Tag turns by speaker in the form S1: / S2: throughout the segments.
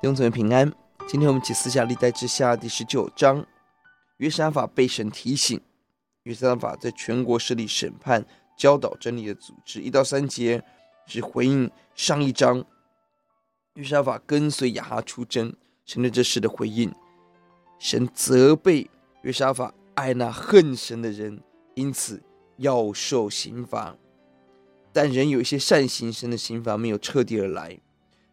S1: 弟兄姊妹平安，今天我們起《私下歷代志下》第十九章，約沙法被神提醒。約沙法在全國設立審判、教導真理的組織。一到三節是回應上一章。約沙法跟隨亞哈出征，神對這事的回應。神責備約沙法愛那恨神的人，因此要受刑罰。但仍有一些善行，神的刑罰沒有徹底而來。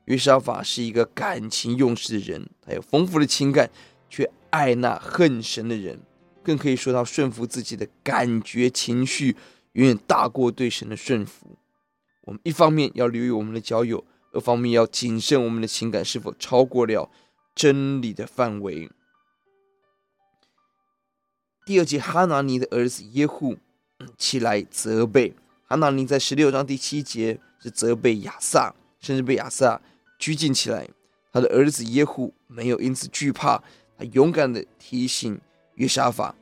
S1: 約沙法是一個感情用事的人，他有豐富的情感，卻愛那恨神的人，更可以說他順服自己的感覺情緒，遠遠大過對神的順服。我們一方面要留意我們的交友，二方面要謹慎我們的情感是否超過了真理的範圍。第二節哈拿尼的兒子耶戶起來責備哈拿尼，在十六章第七節是責備亞撒，甚至被亞撒。拘禁起來，他的兒子耶戶沒有因此懼怕，他勇敢的提醒約沙法。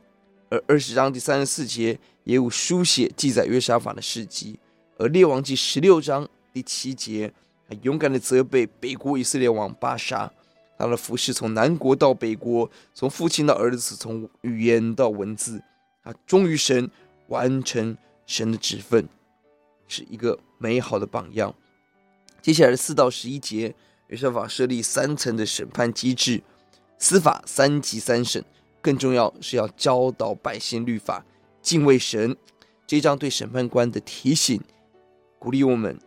S1: 而二十章第三十四節也有書寫記載約沙法的事蹟。而列王記十六章第七節，他勇敢的責備北國以色列王巴沙，他的服侍從南國到北國，從父親到兒子，從語言到文字，他忠於神，完成神的職分，是一個美好的榜樣。接下來是四到十一節，約沙法設立三層的審判機制，司法三級三審。更重要是要教導百姓律法，敬畏神。這一章對審判官的提醒，鼓勵我們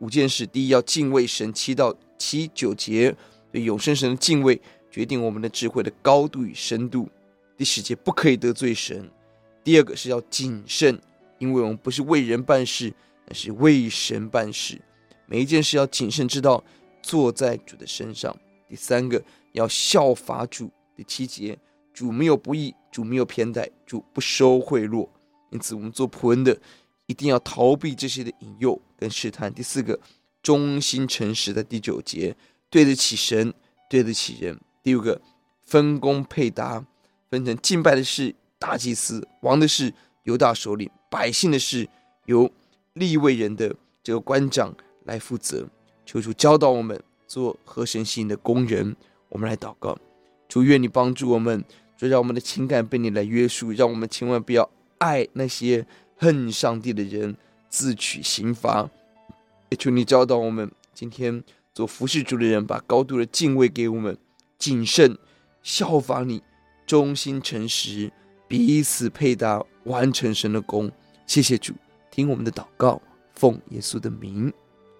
S1: 五件事：第一，要敬畏神；七到七九節，對永生神的敬畏，決定我們的智慧的高度與深度。第十節，不可以得罪神。第二個是要謹慎，因為我們不是為人辦事，而是為神辦事。每一件事要謹慎，知道做在主的身上。第三個要效法主。第七節，主沒有不義，主沒有偏待，主不收賄賂。因此，我們做僕人的，一定要逃避這些的引誘跟試探。第四個，忠心誠實，的第九節，對得起神，對得起人。第五個，分工配搭，分成敬拜的事，大祭司，王的事，猶大首領，百姓的事，由利未人的這個官長，來負責，求主教導我們做合神性的工人。我們來禱告。主，願你幫助我們，主讓我們的情感被你來約束，讓我們千萬不要愛那些恨上帝的人，自取刑罰。也求你教導我們，今天做服侍主的人，把高度的敬畏給我們，謹慎，效法你，忠心誠實，彼此配搭，完成神的工。謝謝主，聽我們的禱告，奉耶穌的名。